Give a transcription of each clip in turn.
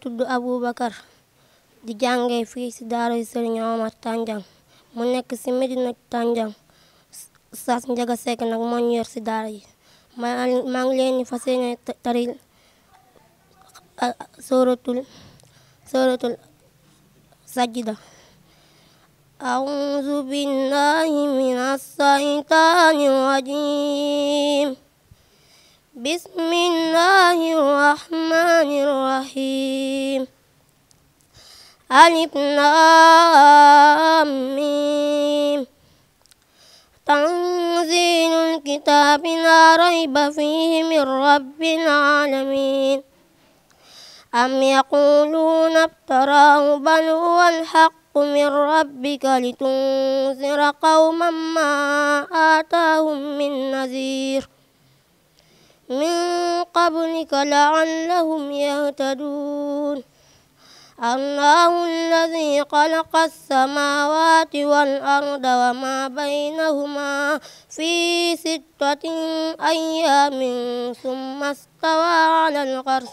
tudd Aboubacar di jàngee fii ci daara Sëriñ Omar Tandiang mu nekk ci Medina Tandiang Oustaz Ndiaga Seck nag moo ñu yor ci daara yi maa ngi leen di fas yéene taril sooratul sooratul sajda أعوذ بالله من الشيطان بسم الله الرحمن الرحيم ألف لام تنزيل الكتاب لا ريب فيه من رب العالمين أم يقولون افتراه بل هو الحق من ربك لتنذر قوما ما آتاهم من نذير من قبلك لعلهم يهتدون الله الذي خلق السماوات والأرض وما بينهما في ستة أيام ثم استوى على الغرس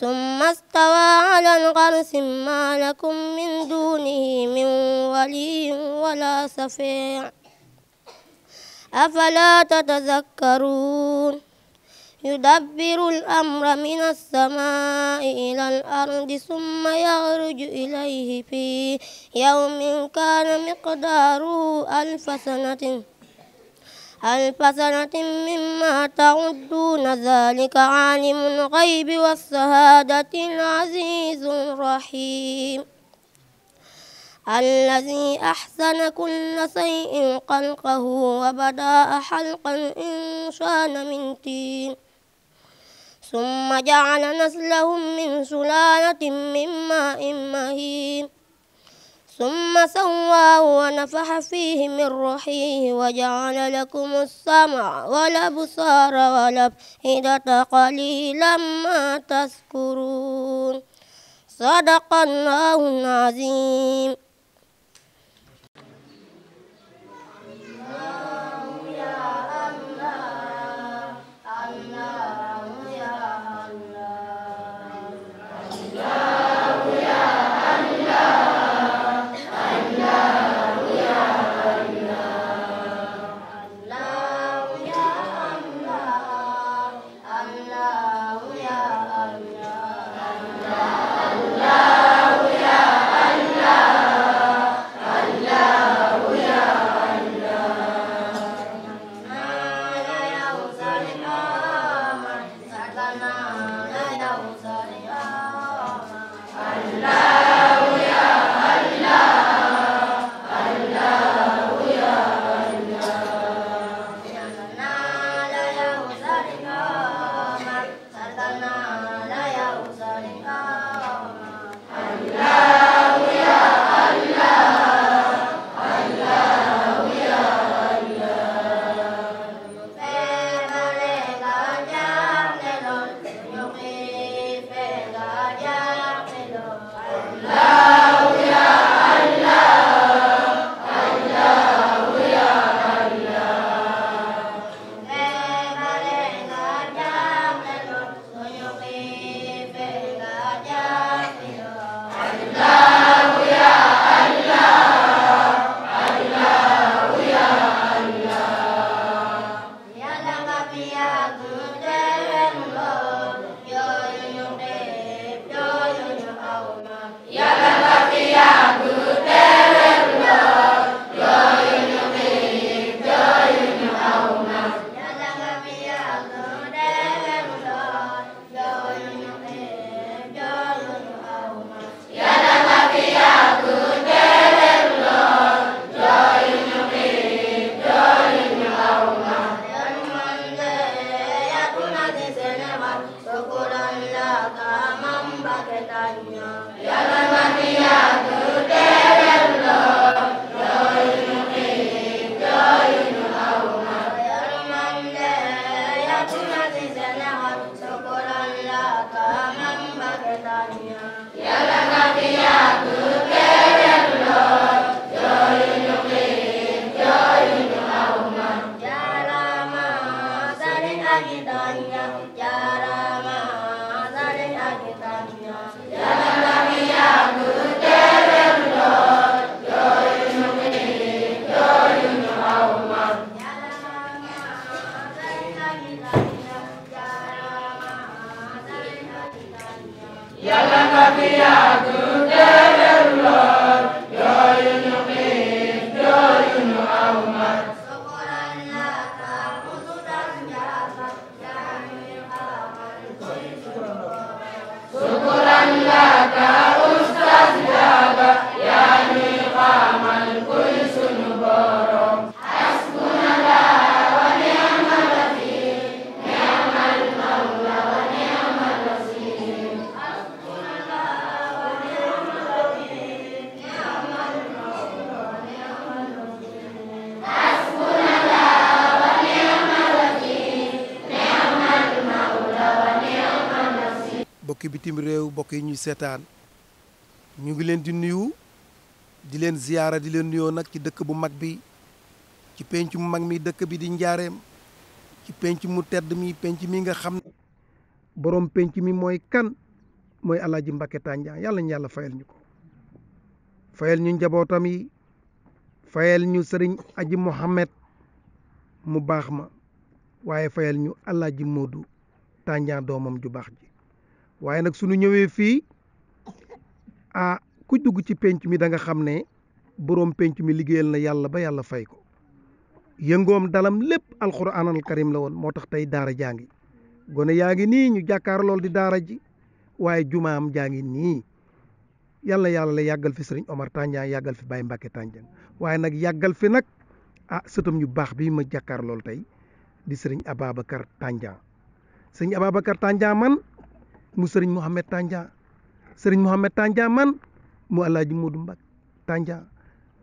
ثم استوى على الغرس ما لكم من دونه من ولي ولا شفيع أفلا تتذكرون يدبر الأمر من السماء إلى الأرض ثم يخرج إليه في يوم كان مقداره ألف سنة ألف سنة مما تعدون ذلك عالم الغيب والشهادة العزيز الرحيم الذي أحسن كل شيء خلقه وبدأ خلق الإنسان من طين ثم جعل نسلهم من سلالة من ماء مهين ثم سواه ونفح فيه من روحه وجعل لكم السمع والأبصار والأفئدة قليلا ما تذكرون صدق الله العظيم yàlla mbokk yi ñuy seetaan ñu ngi leen di nuyu di leen ziyaara di leen nuyoo nag ci dëkk bu mag bi ci penc mu mag mi dëkk bi di njaareem ci penc mu tedd mi penc mi nga xam ne boroom penc mi mooy kan mooy alaaji Mbacké Tandian yàlla ñu yàlla fayal ñu ko fayal ñu njabootam yi fayal ñu sëriñ aji Mohammed mu baax ma waaye fayal ñu alaaji Modou Tandian doomam ju baax waaye nag suñu ñëwee fii a ku dugg ci penc mi da xam ne boroom penc mi liggéeyal na yàlla ba yàlla fay ko yëngoom dalam lépp alquran al karim la woon moo tax tey daara jaa ngi gone yaa ngi nii ñu jàkkaar lool di daara ji waaye jumaam jaa ngi nii yàlla yàlla la yàggal fi sëriñ Omar Tandian yàggal fi Baye Mbacke Tandian waaye nag yàggal fi nag ah sëtëm ñu baax bii ma jàkkaar lool tey di sëriñ Ababacar Tandian sëriñ Ababacar Tandian man mu sëriñ Mouhamed Tandia sëriñ Mouhamed Tandia man mu Alaaji Moodu Mbak Tandia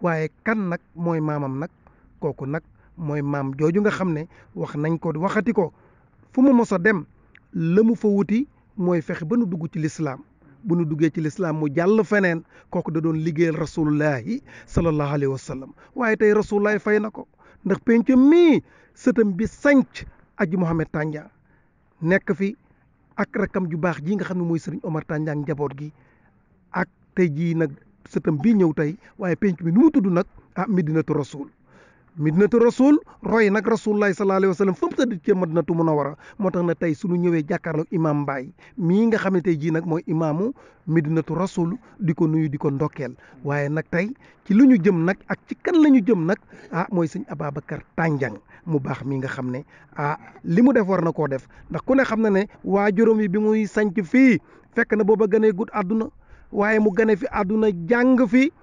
waaye kan nag mooy maamam nag kooku nag mooy maam jooju nga xam ne wax nañ ko waxati ko fu mu mos a dem la mu fa wuti mooy fexe ba nu dugg ci lislaam bu nu duggee ci lislaam mu jàll feneen kooku da doon liggéeyal rasulullahi sallallahu alayhi wa sallam waaye tey rasulullahi fay na ko ndax penc mii sëtam bi sanc aji Mouhamed Tandia nekk fi ak rakam ju baax ji nga xam ne mooy sëriñ Omar Tandiang njaboot gi ak tey jii nag sëtam bii ñëw tey waaye penc bi nu mu tudd nag ah Medinatu Rasul Madinatu Rasul roy nag rasulullahi sallallahu alayhi wa sallam fa mu tëdd ca Madinatu Munawwara moo tax na tey suñu ñëwee jàkkaarloog imaam mbaay mii nga xam ne tey jii nag mooy imaamu Madinatu Rasul di ko nuyu di ko ndokkeel waaye nag tey ci lu ñu jëm nag ak ci kan la ñu jëm nag ah mooy sëñ Ababacar Tandiang mu baax mii nga xam ne ah li mu def war na koo def ndax ku ne xam na ne waajuram yi bi muy sanc fii fekk na booba gënee gudd àdduna waaye mu gane fi àdduna jàng fi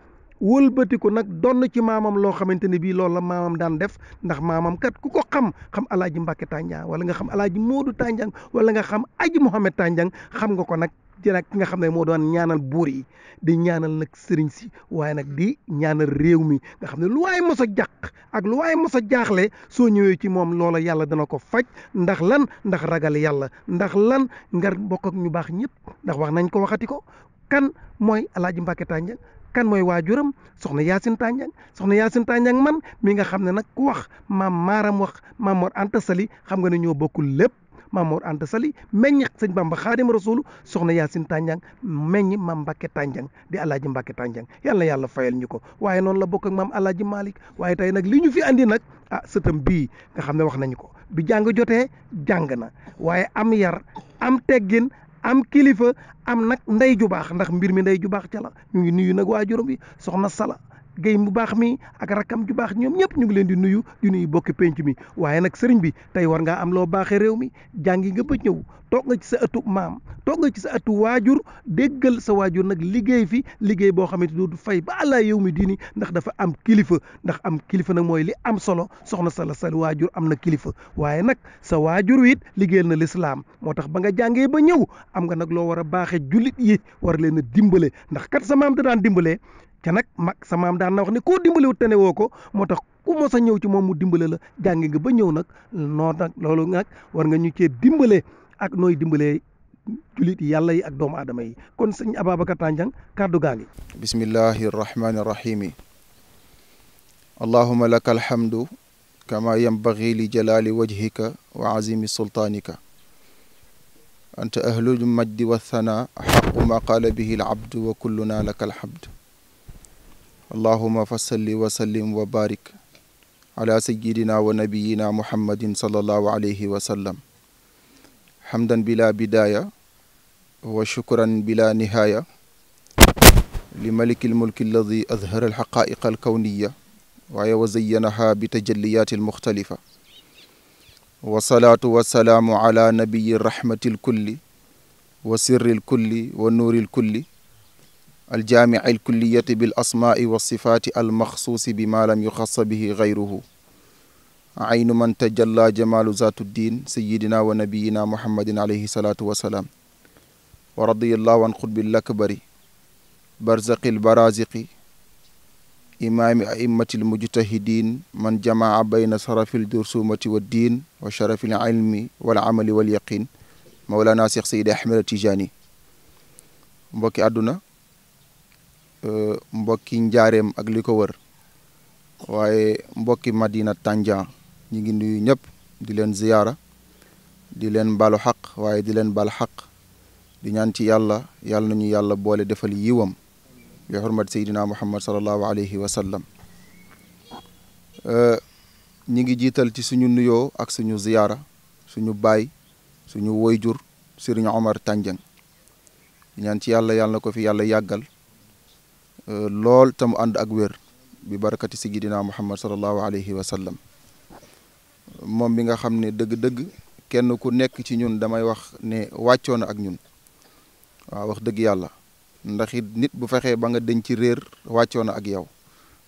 wëlbati ko nag donn ci maamam loo xamante ne bii loolu la maamam daan def ndax maamam kat ku ko xam xam alaaji Mbàkke Tànjang wala nga xam alaaji Moodu Tànjang wala nga xam aji Mohamed Tànjang xam nga ko nag ci nag ki nga xam ne moo doon ñaanal buur yi di ñaanal nag sëriñ si waaye nag di ñaanal réew mi nga xam ne lu waaye mos a jàq ak lu waaye mos a jaaxle soo ñëwee ci moom loola yàlla dana ko faj ndax lan ndax ragal yàlla ndax lan ngar bokk ak ñu baax ñëpp ndax wax nañ ko waxati ko kan mooy alaaji Mbàkke Tànjang kan mooy waajuram soxna Yacine Tandiang soxna Yacine Tandiang man mi nga xam ne nag ku wax maam maaram wax maam Mor Anta Sali xam nga ne ñoo bokkul lépp maam Mor Anta Sali meñ sëñ Bamba Xaadim Rasul soxna Yacine Tandiang meññ maam Mbacke Tandiang di Alaaji Mbacke Tandiang yàlla yàlla fayal ñu ko waaye noonu la bokk ak maam Alaaji Malick waaye tey nag li ñu fi andi nag ah bii nga xam ne wax nañu ko bi jàng jote jàng na waaye am yar am teggin am kilifa am nag ndey ju baax ndax mbir mi ndey ju baax ca la ñu ngi nuyu nag waajuram bi soxna Sala géy mu baax mi ak rakkam ju baax ñoom ñëpp ñu ngi leen di nuyu di nuyu bokki penc mi waaye nag sëriñ bi tey war ngaa am loo baaxee réew mi jàngi nga ba ñëw toog nga ci sa ëttu maam toog nga ci sa ëttu waajur déggal sa waajur nag liggéey fi liggéey boo xamante doodu fay ba àllaa yow mi diini ndax dafa am kilifa ndax am kilifa nag mooy li am solo soxna sala sal waajur am na kilifa waaye nag sa waajur it liggéeyal na lislaam moo tax ba nga jàngee ba ñëw am nga nag loo war a baaxee jullit yi war leen a dimbale ndax kat sa maam da daan dimbalee te nag mag sa maam daan na wax ne woo ko moo tax ku mos a ñëw ci moom mu dimbale la jàngi nga ba ñëw nag noo nag loolu nag war nga ñu cee dimbale ak nooy dimbalee julit yi ak doomu adama yi kon sëñ Ababacar Tandiang kàddu gaa ngi bismillahi rahmaani rahimi allahuma laka alhamdu kama yambagi li jalaali wajhika wa azimi sultaanika anta ahlul majdi wa thana xaqu ma qaala bihi al laka alhamdu allahuma fasalli wa sallim wa barik ala sayidina wa nabiyina muhammadin sallallahu alayhi wa sallam hamdan bila bidaya wa shukran bila nihaya li maliki lmulki alladi adhara alxaqaiqa alkawniya waaye wa zayyanaha bi tajalliyati almuxtalifa wasalaatu wasalaamu ala nabiyi rahmati lkulli wa sirri lkulli wa nuuri lkulli aljaamici alkulliyati bil asmaai wa sifaati almaxsuusi bi maa lam yuxassa bihi gayruhu aynu man tajalla jamaalu zaatu diin sayidina wa nabiyina muhammadin alayhi salaatu wa salaam wa radiyallahu an xutbil akbari barzaqil baraziqi imaami aimmatil mujtahidin man jamaa bayna sarafil dursumati wa diin wa sharafil ilmi wal amali wal yaqin mawlana cheikh sayid ahmed tijani mbokki àdduna Euh, mbokki njaareem ak li ko wër waaye mbokki Madina Tànjan ñu ngi nuyu ñëpp di leen ziyaara di leen balu xaq waaye di leen bal xaq di ñaan ci yàlla yàlla nañu yàlla boole defal yiwam bi xurmat seydina muhammad salallahu alayhi wa sallam euh, ñi ngi jiital ci suñu nuyoo ak suñu ziyaara suñu baay suñu woyjur Sëriñ Omar Tandiang di ñaan ci yàlla yàlla na ko fi yàlla yàggal lool te mu ànd ak wér bi barakati sayyidina muhammad sallallahu alayhi wa sallam moom bi nga xam ne dëgg-dëgg kenn ku nekk ci ñun damay wax ne wàccoo na ak ñun waaw wax dëgg yàlla ndax it nit bu fexee ba nga denc ci réer wàccoo na yow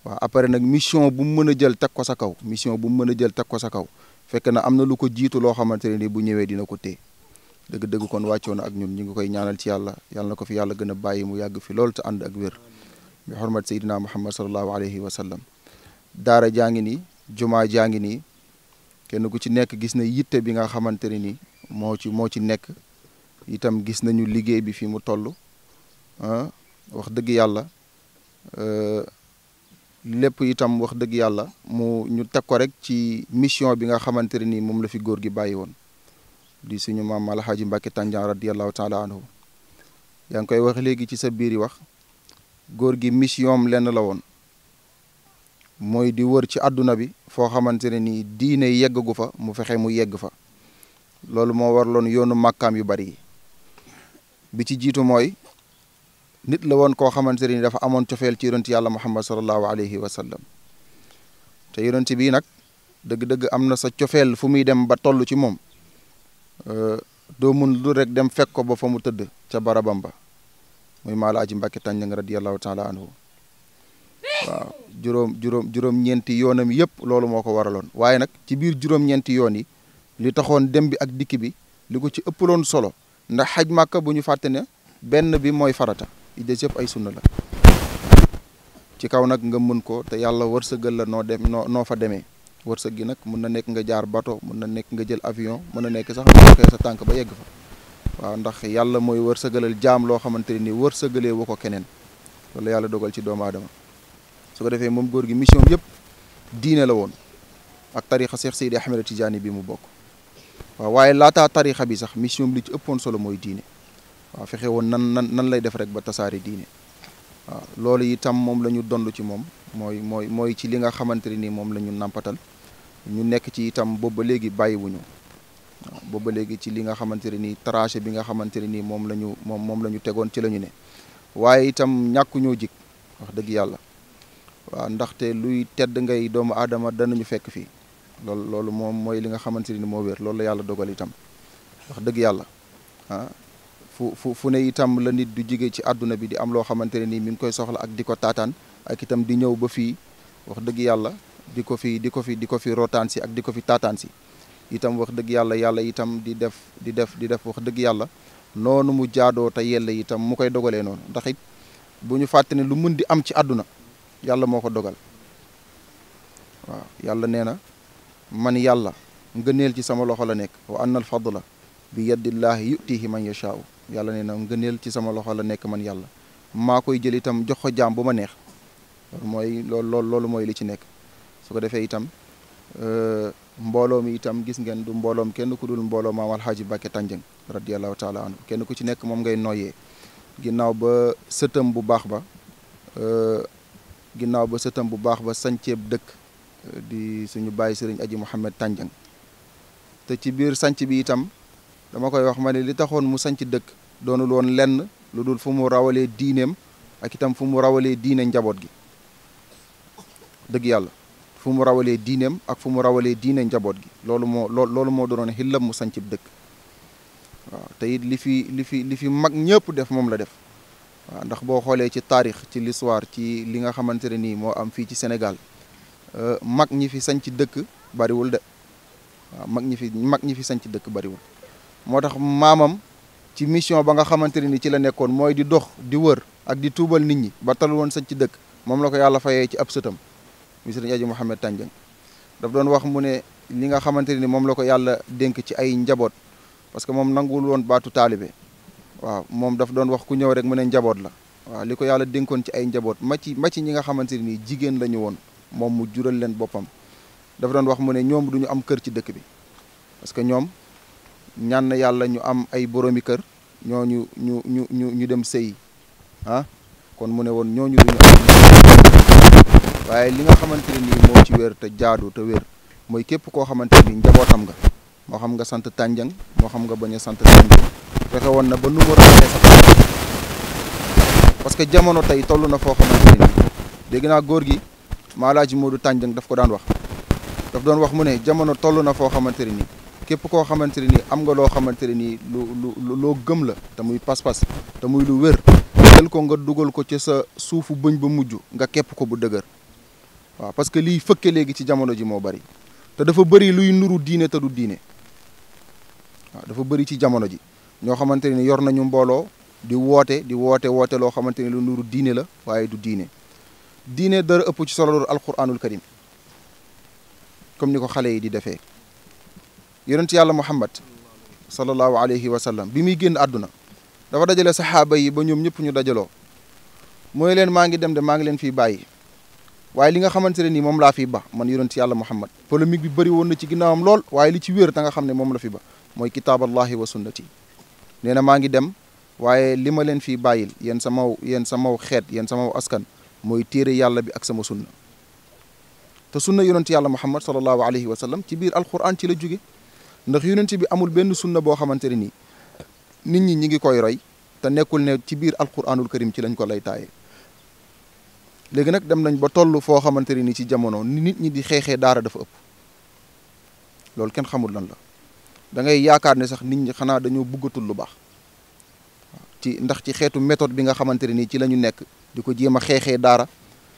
waaw après nag mission bu mu mën a jël teg ko sa kaw mission bu mu mën a jël teg ko sa kaw fekk na am na lu ko jiitu loo xamante ne ni bu ñëwee dina ko téye dëgg-dëgg kon wàccoo ak ñun ñu ngi koy ñaanal ci yàlla yàlla ko fi yàlla gën a bàyyi mu yàgg fi loolu te ànd ak wér bi xormat seydina muhammad salallahu alayhi wa sallam daara jaa ngi nii jumaa jaa ngi nii kenn ku ci nekk gis na yitte bi nga xamante ne ni moo ci moo ci nekk itam gis nañu liggéey bi fi mu toll ah, wax dëgg yàlla eh, lépp itam wax dëgg yàlla mu ñu teg ko rek ci mission bi nga xamante ne ni moom la fi góor gi bàyyi woon di suñu maam alxaaji Mbàkke Tànjaan radiallahu taala anhu yaa ngi koy wax léegi ci sa biir yi wax góor gi mission lenn la woon mooy di wër ci àdduna bi foo xamante ne nii diine yeggagu fa mu fexe mu yegg fa loolu moo war warloon yoonu màkkaam yu bari yi bi ci jiitu mooy nit la woon koo xamante ne ni dafa amoon cofeel ci yonent yàlla muhammad sallallahu alayhi wa sallam te yonent bii nag dëgg-dëgg am na sa cofeel fu muy dem ba toll ci moom euh, doo mun lu rek dem fekk ko ba fa mu tëdd ca barabam ba muy maala aji Mbàkke Tànjang radiyallahu taala anhu waaw juróom juróom ñeenti yoonam yëpp loolu moo ko waraloon waaye nag ci biir juróom-ñeenti yoon yi li taxoon dem bi ak dikk bi li ko ci ëppaloon solo ndax xaj màkka bu ñu fàtte ne benn bi mooy farata i des yëpp ay sunna la ci kaw nag nga mën ko te yàlla wërsëgal la noo dem noo noo fa demee wërsëg gi nag mën na nekk nga jaar bato mën na nekk nga jël avion mën na nekk sax nga sa tànk ba yegg fa waaw ndax yàlla mooy wër sa gëlal jaam loo xamante ni wërsëgalee wu ko keneen loolu yàlla dogal ci doomu adama su ko defee moom góor gi mission yëpp diine la woon ak tarixa Cheikh Seydi Ahmed Tidiane bi mu bokk waaw waaye laataa tarixa bi sax mission li ci ëppoon solo mooy diine waaw fexe woon nan nan nan lay def rek ba tasaari diine waaw loolu itam moom la ñu dond ci moom mooy mooy mooy ci li nga xamante ni moom la ñu nàmpatal ñu nekk ci itam boobu ba léegi bàyyiwuñu booba léegi ci li nga xamante ne nii tracé bi nga xamante ne nii moom la ñu moom moom la ñu tegoon ci la ñu ne waaye itam ñàkku ñoo jik wax dëgg yàlla waaw ndaxte luy tedd ngay doomu aadama ñu fekk fii loolu loolu moom mooy li nga xamante ne ni moo wér loolu la yàlla dogal itam wax dëgg yàlla ah fu fu fu ne itam du jige ci àdduna bi di am loo xamante ne nii mi ngi koy soxla ak di ko taataan ak di ñëw ba fii wax dëgg yàlla di ko fi di ko fi di ko fi rotaan si ak di ko fi taataan si itam wax dëgg yàlla yàlla itam di def di def di def wax dëgg yàlla noonu mu jaadoo te yella itam mu koy dogalee noonu ndax it bu ñu fàtte ne lu mën di am ci àdduna yàlla moo ko dogal waaw yàlla nee na man yàlla ngëneel ci sama loxo la nekk wa anna al fadla bi yadillaahi yutihi man yashaau yàlla nee na ngëneel ci sama loxo la nekk man yàlla maa koy jël itam jox ko jaam bu ma neex loolu mooy loolu mooy li ci nekk su ko defee itam mbooloo mi itam gis ngeen du mbooloom kenn ku dul mbooloo maam alxaaji Bakke Tanjeng radiallahu taala anhu kenn ku ci nekk moom ngay noyyee ginnaaw ba sëtam bu baax ba euh, ginnaaw ba sëtam bu baax ba sanceeb dëkk euh, di suñu bàyyi sëriñ aji Mouhamed Tanjeng te ci biir sanc bi itam dama koy wax ma ne li taxoon mu sanc dëkk doonul woon lenn lu dul fu mu rawalee diineem ak itam fu mu rawalee diine njaboot gi dëgg yàlla fu mu rawalee diineem ak fu mu rawalee diine njaboot gi loolu moo loolu moo doonoon xillam mu sancib dëkk waaw te li fi li fi li fi mag ñëpp def moom la def ndax boo xoolee ci taarix ci l'histoire ci li nga xamante ne nii moo am fii ci Sénégal euh, mag ñi fi sanc dëkk bariwul de mag ñi fi mag ñi fi sanc dëkk bariwul moo tax maamam ci mission ba nga xamante ne ni ci la nekkoon mooy di dox di wër ak di tuubal nit ñi ba tal woon sanc dëkk moom la ko yàlla fayee ci ab sëtam mi sëriñ aji Mouhamed Tandiang daf doon wax mu ne li nga xamante ni moom la ko yàlla dénk ci ay njaboot parce que moom nanguwul woon baatu taalibe waaw moom daf doon wax ku ñëw rek mu ne njaboot la waaw li ko yàlla dénkoon ci ay njaboot ma ci ñi nga xamante ni jigéen la ñu woon moom mu jural leen boppam daf doon wax mu ne ñoom du ñu am kër ci dëkk bi parce que ñoom ñaan yàlla ñu am ay boroomi kër ñoo ñu ñu ñu ñu dem sëyi ah kon mu ne woon ñooñu du ñu am waaye li nga xamante ne nii moo ci wér te jaadu te wér mooy képp koo xamante ni njabootam nga moo xam nga sant tànjang moo xam nga bañ a sant tànjang fexe woon na ba numéro que jamono tey toll na foo naa góor gi maalaaji Moodu tànjang daf ko daan wax daf doon wax mu ne jamono toll na foo xamante ne nii képp koo xamante ne nii am nga loo xamante ne nii lu loo gëm la te muy pas-pas te muy lu wér jël ko nga dugal ko ca sa suufu bëñ ba mujj nga képp ko bu dëgër waaw parce que liy fëkke léegi ci jamono ji moo bari te dafa bëri luy nuru diine te diine waaw dafa bëri ci jamono ji ñoo xamante ni yor nañu mbooloo di woote di woote woote loo xamante ni lu nuru diine la waaye du diine diine dara ëpp ci solo loolu alquranul karim comme ni ko xale yi di defee yonent yàlla muhammad sallallahu alayhi wa sallam bi muy génn àdduna dafa dajale saxaaba yi ba ñoom ñëpp ñu dajaloo mooy leen maa ngi dem de maa ngi leen fiy bàyyi waaye li nga xamante ne nii moom laa fi ba man yonent yàlla Muhammad polémique bi bëri woon na ci ginnaawam lool waaye li ci wér ta nga xam ne moom la fi ba mooy kitaaballahi wa sunnati nee na maa ngi dem waaye li ma leen fii bàyyil yéen samaw yéen samaw xeet yéen samaw askan mooy téere yàlla bi ak sama sunna te sunna yonent yàlla Muhammad sallallahu alayhi wa sallam ci biir alquran ci la jóge ndax yonent bi amul benn sunna boo xamante ne nii nit ñi ñi ngi koy roy te nekkul ne ci biir alquranul karim ci lañ ko lay taayee léegi nag dem nañ ba toll foo xamante ne ni ci jamono ni nit ñi di xeexee daara dafa ëpp loolu kenn xamul lan la da ngay yaakaar ne sax nit ñi xanaa dañoo buggatul lu baax ci ndax ci xeetu méthode bi nga xamante ne nii ci lañu nekk di ko jéem a xeexee daara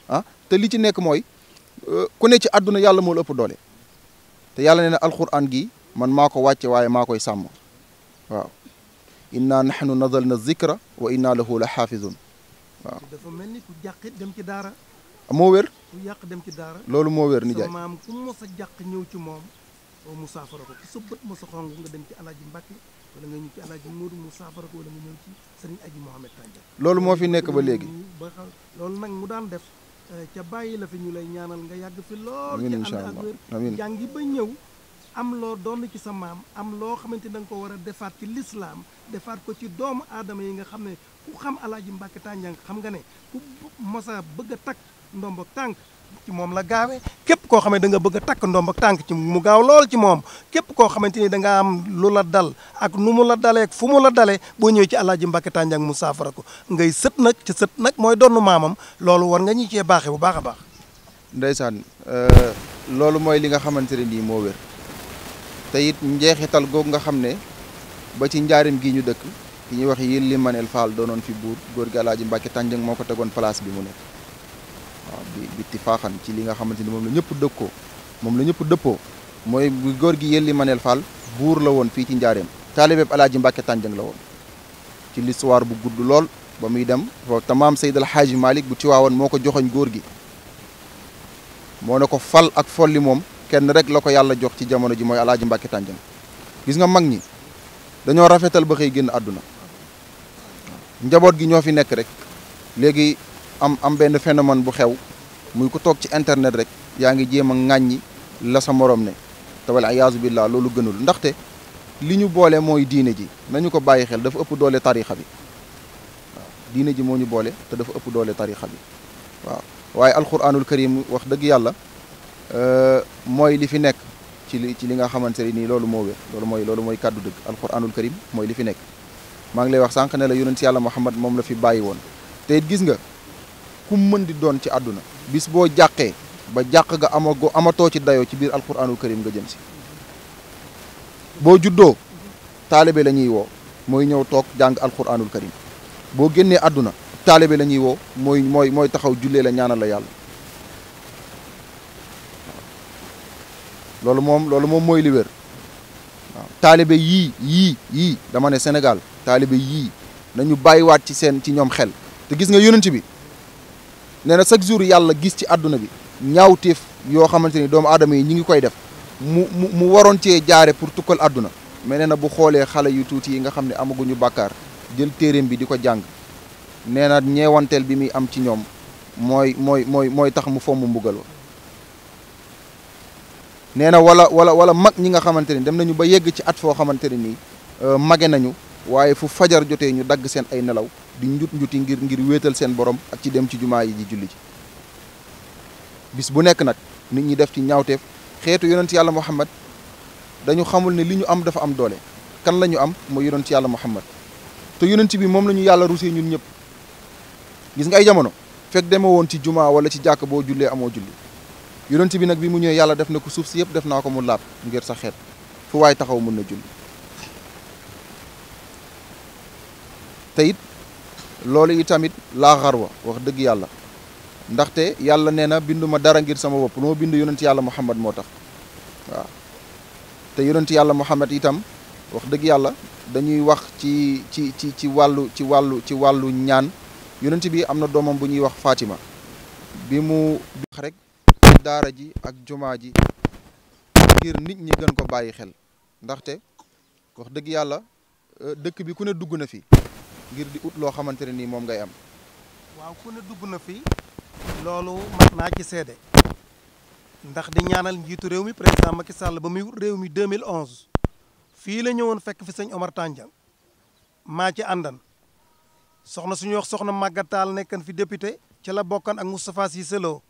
ah te li ci nekk mooy euh, ku nekk ci àdduna yàlla moo la ëpp doole te yàlla nee na alquran gi man maa ko wàcce waaye maa koy sàmm waaw inna nahnu nazalna zikra wa inna lahu la xaafizun waaw dafa mel ni ku jàq dem ci daara. moo wér. ku yàq dem ci daara. loolu moo wér nijaay maam ku mos a jàq ñëw ci moom mu saafara ko ku sa bët mos a xong nga dem ci alaaji Mbàkke wala nga ñëw ci alaaji Moodu mu saafara ko wala nga ñëw ci sëriñ aji Mohamed Tanja. loolu moo fi nekk ba léegi. ba loolu nag mu daan def eh, ca bàyyi la fi ñu lay ñaanal nga yàgg fi lool. amiin incha allah amiin ca ba ñëw. am loo doon ci sa maam am loo xamante da nga ko war a defaat ci lislaam defaat ko ci doomu aadama yi nga xam ne ku xam alaaji Mbàkke Tànjang xam nga ne ku mosa bëgg a takk ndombo tànk ci moom la gaawee képp koo xam da nga bëgg a takk ci mu gaaw lool ci moom képp koo xamante ni danga am lu la dal ak nu mu la dalee fu mu la dalee boo ñëwee ci alaaji Mbàkke Tànjang mu saafara ko ngay sët nag ci sët nag mooy donnu maamam loolu war nga ñu cee baaxee bu baax a baax. ndeysaan euh, loolu mooy li nga xamante ne nii moo wér. te it njeexital googu nga xam ne ba ci njaarim gi ñu dëkk ki ñuy wax yéen li maneel Fall doonoon fi buur góor gi Alaaji Mbàkke Tànjang moo ko tegoon place bi mu nekk waaw bi bi ci li nga xamante ni moom la ñëpp dëkkoo moom la ñëpp dëppoo mooy góor gi yéen li maneel Fall buur la woon fii ci njaareem taalibeeb Alaaji Mbàkke Tànjang la woon ci bu gudd lool ba muy dem foofu tamaam Seydal Xaaji Malik bu Tiwaawan moo ko joxoñ góor gi moo ne ko fal ak folli moom kenn rek la ko yàlla jox ci jamono ji mooy alaaji Mbàkke Tànjang gis nga mag ñi dañoo rafetal ba xëy génn àdduna njaboot gi ñoo fi nekk rek léegi am am benn phénomène bu xew muy ko toog ci internet rek yaa ngi jéem a ŋàññi la sa moroom ne te wala ayaasu billah loolu gënul ndaxte li ñu boole mooy diine ji nañu ko bàyyi xel dafa ëpp doole tariixa bi waaw diine ji moo ñu boole te dafa ëpp doole tariixa bi waaw waaye alquranul karim wax dëgg yàlla euh, mooy li fi nekk ci li ci li nga xamante ne nii loolu moo wér loolu mooy loolu mooy kàddu dëgg alquranul karim mooy li fi nekk maa ngi lay wax sànq ne la si yàlla Muhammad moom la fi bàyyi woon te gis nga ku mën di doon ci àdduna bis boo jàqee ba jàq ga amago amatoo ci dayoo ci biir alquranul karim nga jëm si boo juddoo taalibe la ñuy woo mooy ñëw toog jàng alquranul karim boo génnee àdduna taalibe la ñuy woo mooy mooy mooy taxaw jullee la ñaanal la yàlla loolu moom loolu moom mooy li wér waaw taalibe yii yii yii dama ne Sénégal taalibe yii nañu bàyyiwaat ci seen ci ñoom xel te gis nga yonent bi nee na chaque jour yàlla gis ci àdduna bi ñaaw ñaawteef yoo xamante ni doomu aadama yi ñu ngi koy def mu mu mu waroon cee jaare pour tukkal àdduna mais nee na bu xoolee xale yu tuuti yi nga xam ne amaguñu bàkkaar jël téereem bi di ko jàng nee na ñeewanteel bi muy am ci ñoom mooy mooy mooy mooy tax mu fomm mbugal wa nee na wala wala wala mag ñi nga xamante ni dem nañu ba yegg ci at foo xamante ne nii euh, mage nañu waaye fu fajar jotee ñu dagg seen ay nelaw di njut njuti ngir ngir wéetal seen borom ak ci dem ci jumaa yi ji julli ji bis bu nekk nag nit ñi def ci ñaawteef xeetu yonent yàlla muhammad dañu xamul ne li ñu am dafa am doole kan lañu ñu am mooy yonent yàlla muhammad te yonent bi moom la ñu yàlla rusee ñun ñëpp gis nga ay jamono fekk deme woon ci jumaa wala ci jàkk boo jullee amoo julli yonent bi nag bi mu ñëwee yàlla def na ko suuf si yëpp def naa ko mu laab ngir sa xeet fu waay taxaw mën na julli te it loolu itamit laa xarwa wax dëgg yàlla ndaxte yàlla nee na binduma dara ngir sama bopp lu ma bind yonent yàlla muhammad moo tax waaw te yonent yàlla muhammad itam wax dëgg yàlla dañuy wax ci ci ci ci wàllu ci wàllu ci wàllu ñaan yonent bi am na doomam bu ñuy wax faatima bi mu wax rek daara ji ak jumaa ji ngir nit ñi gën ko bàyyi xel ndaxte wax dëgg yàlla euh, dëkk bi ku ne dugg na fi ngir di ut loo xamante ne nii moom ngay am. waaw ku ne dugg na fi. loolu mat naa ci seede. ndax di ñaanal njiitu réew mi président Macky sàll ba muy réew mi 2011. fii la ñëwoon fekk fi sëñ Omar Tandian. maa ci àndan. soxna su suñuy wax soxna Maguette Tall nekkan fi député. ci la bokkan ak Moustapha yi Lo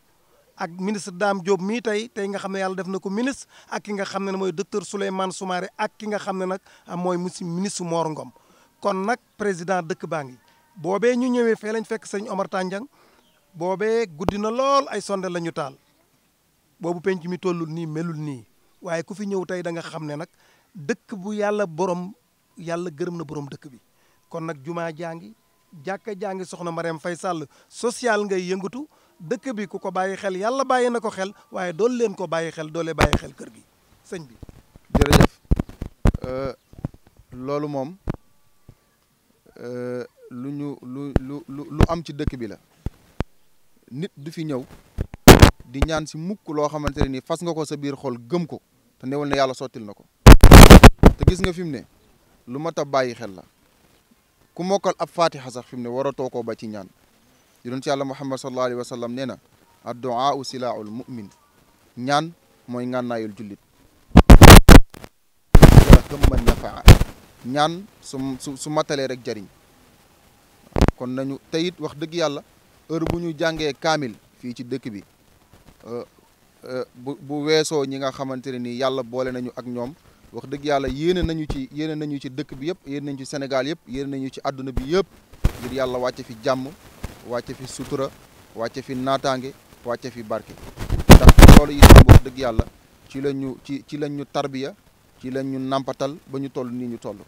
ak ministre daam Diop mii tey tey nga xam ne yàlla def na ko ministre ak ki nga xam ne mooy docteur Souleymane Soumaré ak ki nga xam ne nag mooy monsieur ministre moor Ngom kon nag président dëkk baa ngi boobee ñu ñëwee fee lañ fekk sëñ Omar Tandiang boobee guddi na lool ay sonde la ñu taal boobu penc mi tollul nii melul nii waaye ku fi ñëw tey da nga xam ne nag dëkk bu yàlla borom yàlla gërëm na borom dëkk bi kon nag jumaa jaa ngi jàkka jaa ngi soxna Mariam fay sàll social ngay yëngatu dëkk bi ku ko bàyyi xel yàlla bàyyi na ko xel waaye dool leen ko bàyyi xel doole bàyyi xel kër gi sëñ bi jërëjëf euh, loolu moom euh, lu ñu lu lu lu am ci dëkk bi la nit du fi ñëw di ñaan si mukk loo xamante ne ni fas nga ko sa biir xol gëm ko te newal ne yàlla sottil na ko te gis nga fi mu ne lu mat a bàyyi xel la ku mokkal ab faatixa sax fi mu ne waratoo ko ba ci ñaan yonent yàlla muhammad sallallahu alayhi wa sallam nee na adduaau silaaul mumin ñaan mooy ngànnaayul jullit gëmman nafaa ñaan su su su matalee rek jariñ kon nañu teyit wax dëgg yàlla heure bu ñu jàngee kaamil fii ci dëkk bi euh, euh, bu bu weesoo ñi nga xamante ne nii yàlla boole nañu ak ñoom wax dëgg yàlla yéene nañu ci yéene nañu ci dëkk bi yëpp yéene nañu ci senegal yëpp yéene nañu ci àdduna bi yëpp ngir yàlla wàcce fi jàmm wàcce fi sutura wàcce fi naataange wàcce fi barke ndax loolu itam wax dëgg yàlla ci la ñu ci ci la ñu tarbiya ci la ñu nàmpatal ba ñu toll nii ñu toll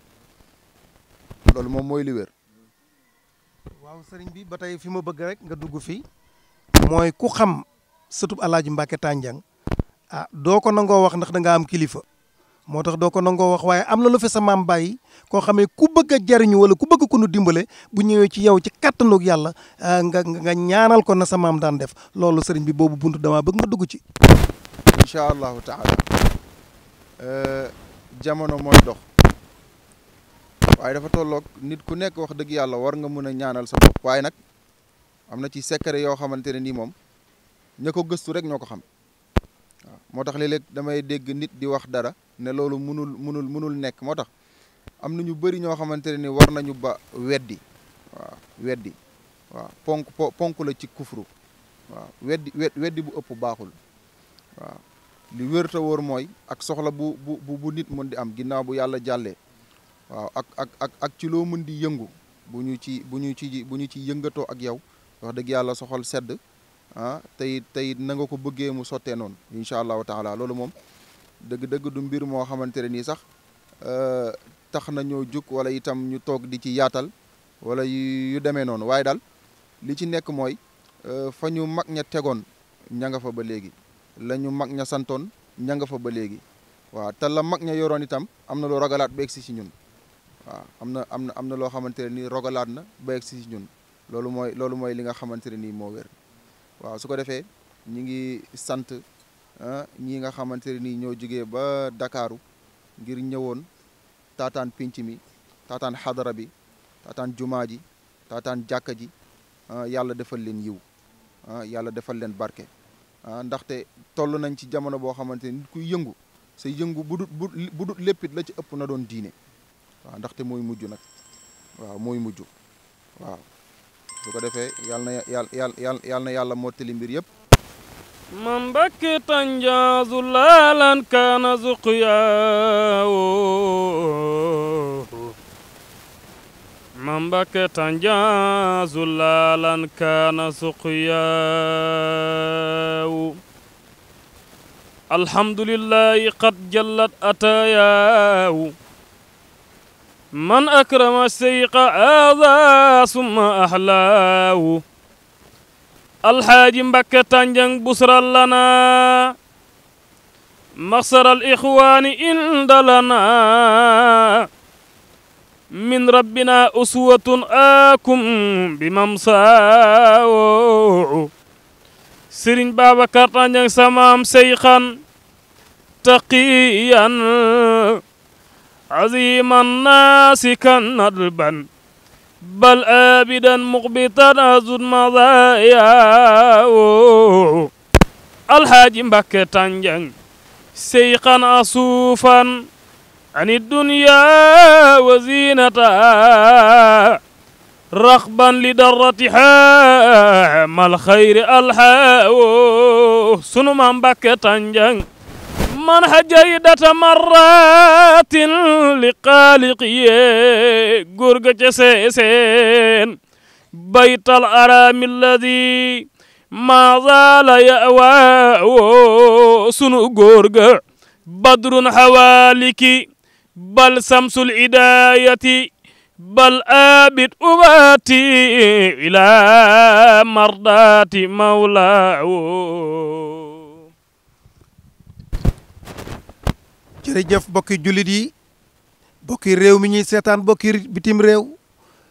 loolu moom mooy li waaw sëriñ bi ba tey fi ma bëgg rek nga dugg fi mooy ku xam sëtub Alaaji Mbàkke Tànjang ah doo ko nangoo wax ndax danga am kilifa. moo tax doo ko nangoo wax waaye am na lu fi sa maam bàyyi koo xamee ku bëgg a jariñu wala ku bëgg ku nu dimbale bu ñëwee ci yow ci kàttanug yàlla euh, nga nga ñaanal ko na sa maam daan def loolu sëriñ bi boobu buntu damaa bëgg nga dugg ci. incha allahu taala euh, jamono mooy dox waaye dafa tolloog nit ku nekk wax dëgg yàlla war nga mën a ñaanal sa bopp waaye nag am na ci secret yoo xamante ne nii moom ña ko gëstu rek ñoo ko xam. moo tax léeg-léeg damay dégg nit di wax dara ne loolu mënul mënul mënul nekk moo tax am na ñu bari ñoo xamante ne ni war nañu ba weddi waaw weddi waaw ponk ponk la ci kufru waaw weddi bu ëpp baaxul waaw li wér wóor mooy ak soxla bu bu bu nit mën di am ginnaaw bu yàlla jàllee waaw ak ak ak ci loo mën di yëngu bu ñu ci bu ñu ci bu ñu ci yëngatoo ak yow wax dëgg yàlla soxal sedd ah tey tey na nga ko bëggee mu sottee noonu incha allah taala loolu moom dëgg-dëgg du mbir moo xamante ne nii sax euh, tax na ñoo jug wala itam ñu toog di ci yaatal wala yu demee noonu waaye daal li ci nekk mooy euh, fa ñu mag ña tegoon ñanga nga fa ba léegi la ñu mag ña santoon ña nga fa ba léegi waaw te la mag ña yoroon itam am na loo rogalaat ba egsi si ñun waaw am na am na am na loo xamante ne nii rogalaat na ba egsi si ñun loolu mooy loolu mooy li nga xamante ne nii moo wér waaw su ko defee ñi ngi sant ah, ñi nga xamante ne nii ñoo jógee ba Ndakaaru ngir ñëwoon taataan pinc mi taataan xadara bi taataan jumaa ji taataan jàkka ji ah, yàlla defal leen yiw ah, yàlla defal leen barke ndaxte toll nañ ci jamono boo xamante ni kuy yëngu sa yëngu bu dut bu dut léppit la ci ëpp na doon diine waaw ndaxte mooy mujj nag waaw mooy mujj waaw su ko defee yàlla na mbir yëpp man bakki tanjaazu laalan kaana zuqyaawo man bakki qad jallat atayaawu من أكرم الشيق هذا ثم أحلاه الحاج مبكة تنجن بسرا لنا مخسر الإخوان عند لنا من ربنا أسوة آكم بممساو سرين بابا كرتان سمام سيخا تقيا عظيما ناسكا ندبا بل آبدا مقبتا أزد مضايا الحاج مبكى تنجن سيقا أصوفا عن الدنيا وزينتها رغبا لدرتها ما الخير الحاو سنو مبكى تنجن منح جيدة مرات لقالقي غرغة سيسين بيت الأرام الذي ما زال يأوى سنو غرغة بدر حوالك بل سمس الإداية بل آبد أباتي إلى مرضات مولاه jërëjëf mbokki jullit yi mbokki réew mi ñuy seetaan mbokki bitim réew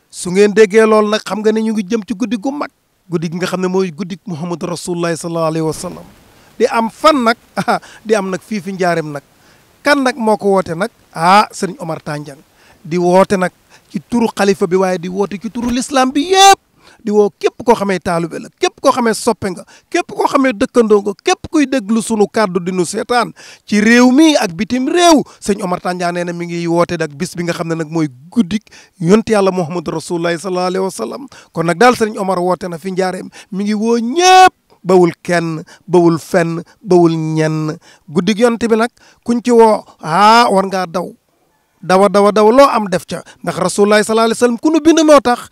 su ngeen déggee loolu nag xam nga ne ñu ngi jëm ci guddi gu mag guddi gi nga xam ne mooy guddi Muhammadu Rasulullah sallallahu alayhi wa sallam di am fan nag di am nag fii fi njaareem nag kan nag moo ko woote nag ah sëriñ Omar Tandiang di woote nag ci turu xalifa bi waaye di woote ci turu l'islam bi yëpp di woo képp koo xamee taalube la képp koo xamee soppe nga képp koo xamee dëkkandoo nga képp kuy déglu sunu kàddu di nu seetaan ci réew mi ak bitim réew sëñ Omar Tandian nee na mi ngi woote nag bis bi nga xam ne nag mooy guddik yonti yàlla Muhammadu Rasulullahi sallallahu alayhi wa sallam kon nag daal sëñ Omar woote na fi njaareem mi ngi woo ñëpp bawul kenn bawul fenn bawul ñenn guddik yonte bi nag kuñ ci woo aa war ngaa daw dawa dawa daw loo am def ca ndax Rasulullahi sallallahu alayhi ku nu bind moo tax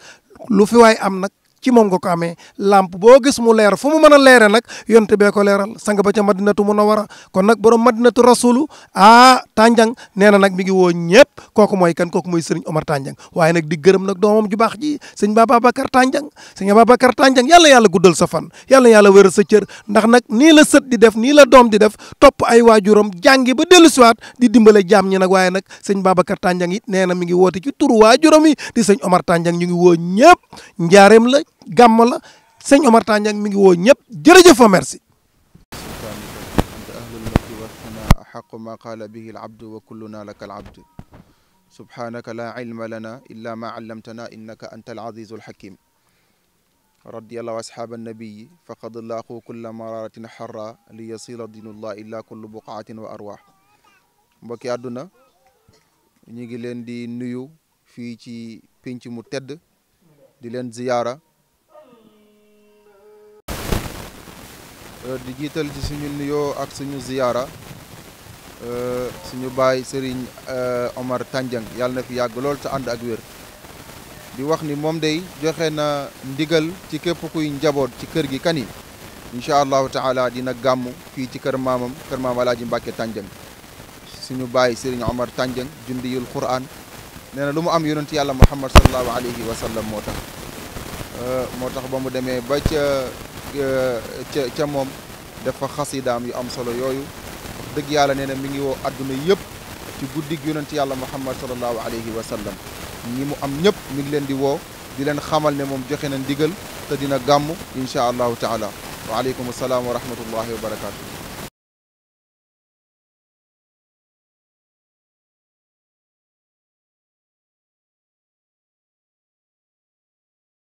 lu fi waay am nag ci moom nga ko amee lamp boo gis mu leer fu mu mën a leere nag yonte bee ko leeral sang ba ca madinatu munawara kon nag borom madinatu rasulu ah tànjang nee na nag mi ngi woo ñëpp kooku mooy kan kooku mooy sëriñ Omar tànjang waaye nag di gërëm nag doomam ju baax ji sëñ Babacar tànjang sëñ Babacar tànjang yàlla yàlla guddal sa fan yàlla yàlla wéral sa cër ndax nag nii la sët di def nii la doom di def topp ay waajuram jàngi ba dellu siwaat di dimbale jaam ñi nag waaye nag sëñ Babacar tànjang it nee na mi ngi woote ci turu waajuram yi di sëñ Omar ñu ngi woo ñëpp njaareem la gàmm la sëñ Omar Tandiang mi ngi woo ñëpp jërëjëf fa merci subhaanaka laa ilma lana illa ma allamtana innaka anta alazizu alxakim radiallahu asxaaba annabiyi faqad laaqu kulla mararatin xarra li yasila dinullah illa kullu buqaatin wa arwaax mbokki àdduna ñu ngi leen di nuyu fii ci mu tedd Euh, di jiital ci suñu nuyoo ak suñu ziyaara euh, suñu baay Serigne euh, Omar Tandiang yàlla na fi yàgg lool te ànd ak wér di wax ni moom day joxe na ndigal ci képp kuy njaboot ci kër gi kan yi incha allahu taala dina gàmm fii ci kër maamam kër maam Alaaji Mbàkke Tandiang suñu baay Serigne Omar Tandiang jundiyul Qur'an nee na lu mu am yonent yàlla Muhammad sallallahu alayhi wa moo tax moo tax ba mu demee ba ca. Euh, ca ca moom dafa daam yu am solo yooyu dëgg yàlla nee na mi ngi woo adduna yëpp ci guddig yonent yàlla muhammad salallahu alayhi wa sallam ni mu am ñëpp mi ngi leen di woo di leen xamal ne moom joxe na ndigal te dina gàmm incha allahu taala waaleykum salaam wa rahmatullahi wa barakatu